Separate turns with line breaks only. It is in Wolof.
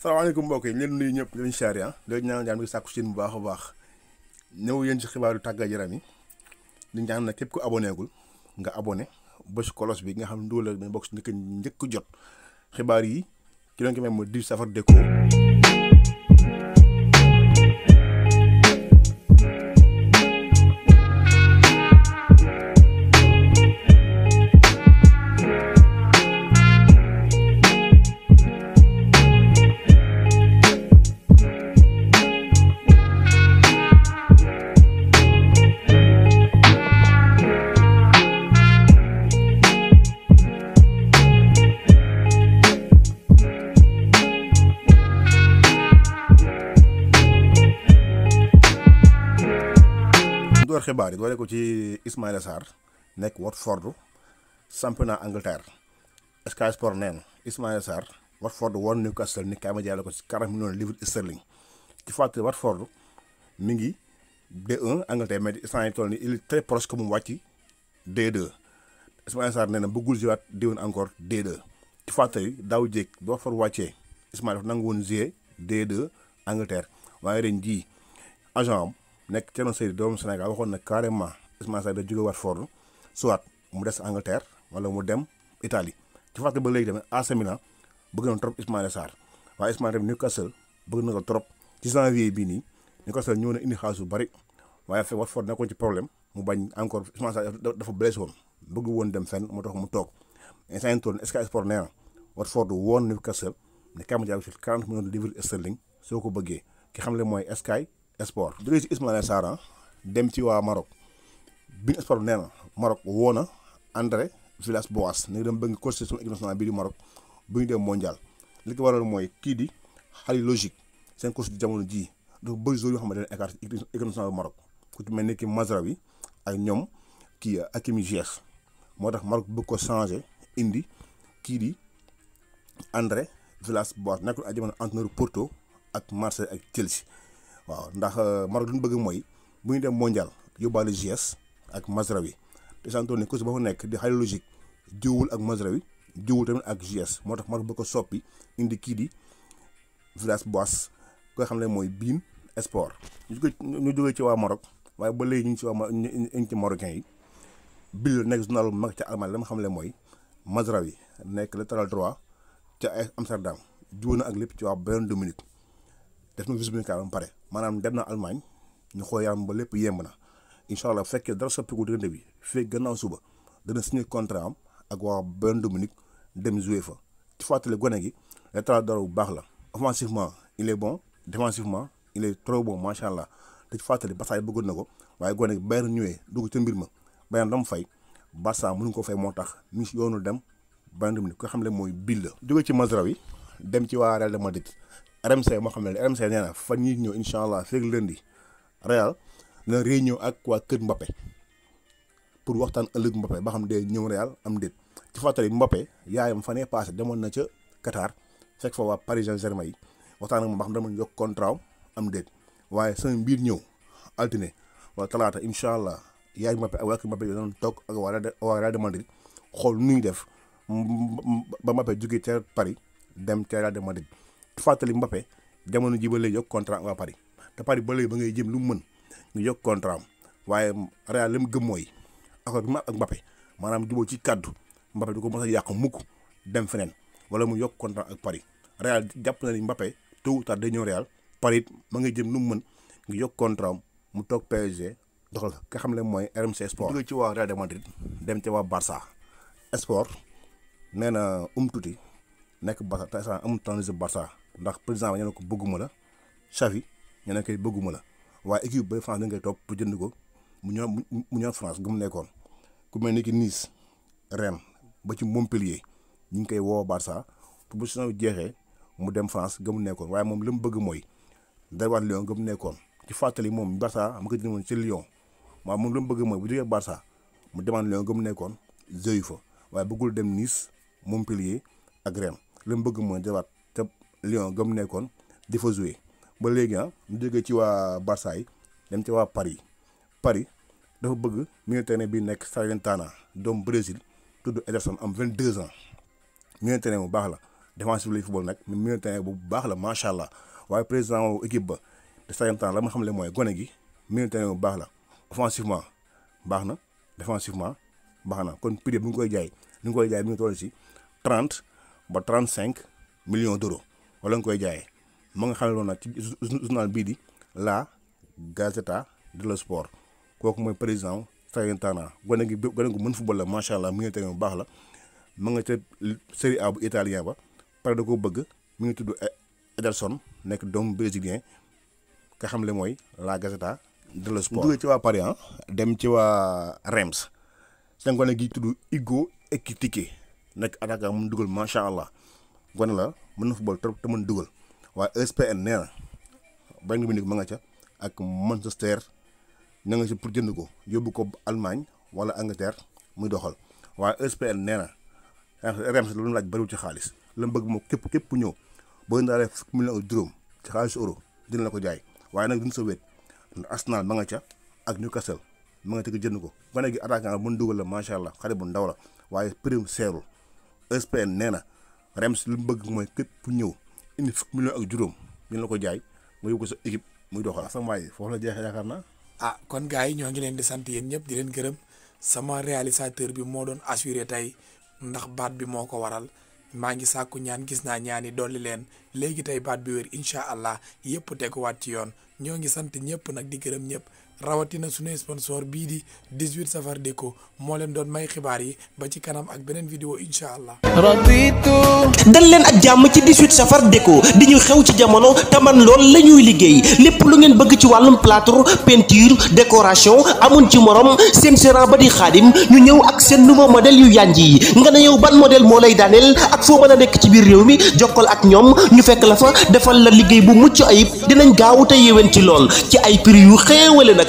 salaamaaleykum mbokk yi leen nuyu ñëpp leen siyaare ah léegi ñaan jaan bi sàkku si bu baax a baax ñëw yéen si xibaaru tàggat yaram yi di ñaan na képp ku aboneegul nga aboné bës kolos bi nga xam ne dugal la bokk si njëkk njëkk jot xibaar yi ki doon ko may mo di safar déko yor xibaar yi doole ko ci Ismaïla Sarr nekk Watford championnat Angleterre Sky Sport neen Ismaïla Sarr Watford woon Newcastle ni kaay ma jaay la ko ci 40 millions livre sterling ci fàttali Watford mi ngi D1 Angleterre mais instant yi toll ni il est très proche que mu wàcc D2 Ismaïla Sarr nee na bëggul jiwaat diwoon encore D2 ci fàttali daaw jéeg ba Watford wàccee Ismaïla dafa nangu Angleterre waaye ren jii agent am nekk Thierno Seydi doomu Sénégal waxoon na carrément Ismaïla Sarr da jóge Watford soit mu des Angleterre wala mu dem Italie ci fàttali ba léegi tamit AC Milan bëgg na trop Ismaïla Sarr waaye Ismaïla tamit Newcastle bëgg na ko trop ci janvier bii nii Newcastle ñëw na indi xaalis yu bari waaye fekk Watford nekkoon ci problème mu bañ encore Ismaïla Sarr dafa blessé woon bëgg woon dem fenn moo tax mu toog instant yii toll Sky Sport nee na Watford woon Newcastle ne kàmm jaay ko si 40 millions de livres soo ko bëggee ki xam le mooy Sky sport jógee ci Ismaïla Sarr dem ci waa Maroc bi sport bi nee na Maroc woo na André Villas-Boas ni dem bëgg coacher suñu équipe nationale bii di Maroc bu ñu dem mondial li ko waral mooy kii di xali logique seen coach jamono jii dafa bëri zone yoo xam ne dañuy écarté équipe nationale bu mel ni ki Mazraoui ak ñoom kii Hakimi Ziyech moo tax Maroc bëgg ko changé indi kii di André Villas-Boas nekkul ay jamono entraîneur Porto ak Marseille ak Chelsea. waaw ndax euh, Maroc lu ñu bëgg mooy bu ñu dem mondial yóbbaale GS ak Mazraoui te santoon ne coach ba fa nekk di xale logique jiwul ak Mazraoui jiwul tamit ak GS moo tax Maroc ba soppi indi kii di Villas-Boas ko xam ne mooy biin sport ñu jógee ci waa Maroc waaye ba léegi ñu ngi ci waa ñu ci marocain yi Bill nekk journal bu mag ca Allemagne la ma xam ne mooy Mazraoui nekk latéral droit ca ay Amsterdam jiwoon na ak lépp ci waa Bayern Dominique def na visite médicale ba pare maanaam dem na Allemagne ñu xool yaam ba lépp yemb na incha allah bu fekkee dara soppiku diggante bi fii gannaaw suba dana signé contrat am ak waa Bayern Munich dem jouer fa ci fàttali gone gi l'état dara bu baax la offensivement il bon défensivement il est trop bon macha allah te fàttali Barça yi bëggoon na ko waaye gone gi Bayern ñëwee dugg ca mbir ma Bayern dam fay mu nu ko fay moo tax ñu si yoonu dem Bayern Munich ko xam ne mooy bill la. jóge ci Mazraoui dem ci waa Real de RMC moo xam ne RMC na fan ñëw incha allah feeg lundi Real ak waa kër Mbappé pour waxtaan ëllëg Mbappé ba xam day ñëw Real am déet ci fàttali Mbappé yaayam fanee passé demoon na ca Qatar fekk fa waa Paris Saint-Germain yi waxtaan ak moom ba xam dama yokk contrat am déet waaye sama mbir ñëw altine waa talaata incha allah yaay Mbappé ak waa kër Mbappé yi doon toog ak waa waa Real de xool nu ñuy def ba Mbappé jógee ca Paris dem ca Real fàttali Mbappé jamono ji ba léegi yokk contrat waa Paris te ba ngay jëm lu mu mën ñu yokk contrat am waaye Real li mu gëm mooy accord bi ma ak Mbappé maanaam jubóo ci kàddu Mbappé du ko mos a yàq mukk dem feneen wala mu yokk contrat ak Paris Real jàpp na ni Mbappé tôt ou tard day ñëw Real Paris ma ngay jëm lu mu mën ngi yokk contrat am mu toog PSG doxal ka xam ne mooy RMC Sport. jóge ci waa Real de Madrid dem ca waa Barça Sport nee na um tuuti nekk Barça te instant amul temps de Barça. ndax président ba ñu ko bëgguma la Xavi ñu ne koy bëgguma la waaye équipe ba France da ngay topp pour jënd ko mu ñor mu ñor France gu mu nekkoon ku mel ni ki Nice Rennes ba ci Montpellier ñu ngi koy woo Barça bu jeexee mu dem France ga mu nekkoon waaye moom li mu bëgg mooy delluwaat Lyon ga mu nekkoon ci fàttali moom Barça mu ko jënd woon ci Lyon waaw bëgg mooy bu jógee Barça mu demaat Lyon ga mu nekkoon jëyu fa waaye bëggul dem Nice Montpellier ak Rennes li mu bëgg mooy delluwaat Lyon gëm nekkoon di ba léegi ah mu jógee ci waa Barça yi ci waa Paris Paris dafa bëgg milieu terrain bi nekk Salernitana doomu Brésil tudd Ederson am 22 ans milieu terrain bu baax la défensif lay football nag milieu terrain bu baax la macha allah waaye président wu équipe ba de Salernitana la ma xam le mooy gone gi milieu terrain bu baax la offensivement baax na défensivement baax na kon prix bi ngi koy jaay ñu ngi koy jaay mi ngi toll si 30 ba 35 millions d'euros wala nga koy jaayee ma nga xamee loolu nag ci journal bii di La Gazzetta la Sport kooku mooy président Salernitana gone gi gone gu mën football la macha allah mu ngi tey bu baax la ma nga ca Serie A bu italien ba pare da koo bëgg mi ngi tudd Ederson nekk doomu brésilien nga xam le mooy La Gazzetta dello Sport. duggee ci waa Paris ah. dem ci waa Reims. seen gone gi tudd Hugo Ekitike nekk attaquant mu dugal macha allah. gone la mën na football trop te mën dugal waaye ESPN nee na Bayern Munich ma nga ca ak Manchester ña nga ci pour jënd ko yóbbu ko almaañ wala Angleterre muy doxal waaye ESPN nee na RMC lu mu laaj bariwul ci xaalis la mu bëgg moom képp képp ku ñëw boo indaalee fukki million ak juróom ci xaalis euro dina la ko jaay waaye nag duñ sa wéet Arsenal ma nga ca ak Newcastle ma nga tëgg jënd ko gone gi attaquant mën dugal la macha allah xare bu ndaw la waaye prime seerul ESPN nee na. Reims lu mu bëgg mooy képp ku ñëw indi fukki million ak juróom dina la ko jaay nga yóbbu ko sa équipe muy dox doxal. waaw ma yi foofu la jeexee yaakaar naa. ah kon gaa yi ñoo ngi leen di sant yéen ñëpp di leen gërëm sama réalisateur bi moo doon assuré tey ndax baat bi moo ko waral maa ngi sàkku ñaan gis naa ñaani dolli leen léegi tey baat bi wér incha allah yëpp teguwaat ci yoon ñoo ngi sant ñëpp nag di gërëm ñëpp. rawatina suñu sponsor bii di 18 safar deko moo leen doon may xibaar yi ba ci kanam ak beneen vidéo incha allah. dal leen ak jàmm ci 18 safar deko di ñu xew ci jamono taman lool la ñuy liggéey lépp lu ngeen bëgg ci wàllum plâtre peinture décoration amun ci morom seen seran ba di xaadim ñu ñëw ak seen nouveau modèle yu yànj yi nga ne ñëw ban model moo lay daaneel ak foo mën a nekk ci biir réew mi jokkal ak ñoom ñu fekk la fa defal la liggéey bu mucc ayib dinañ gaaw te yéwén ci lool ci ay prix yu xéewale nag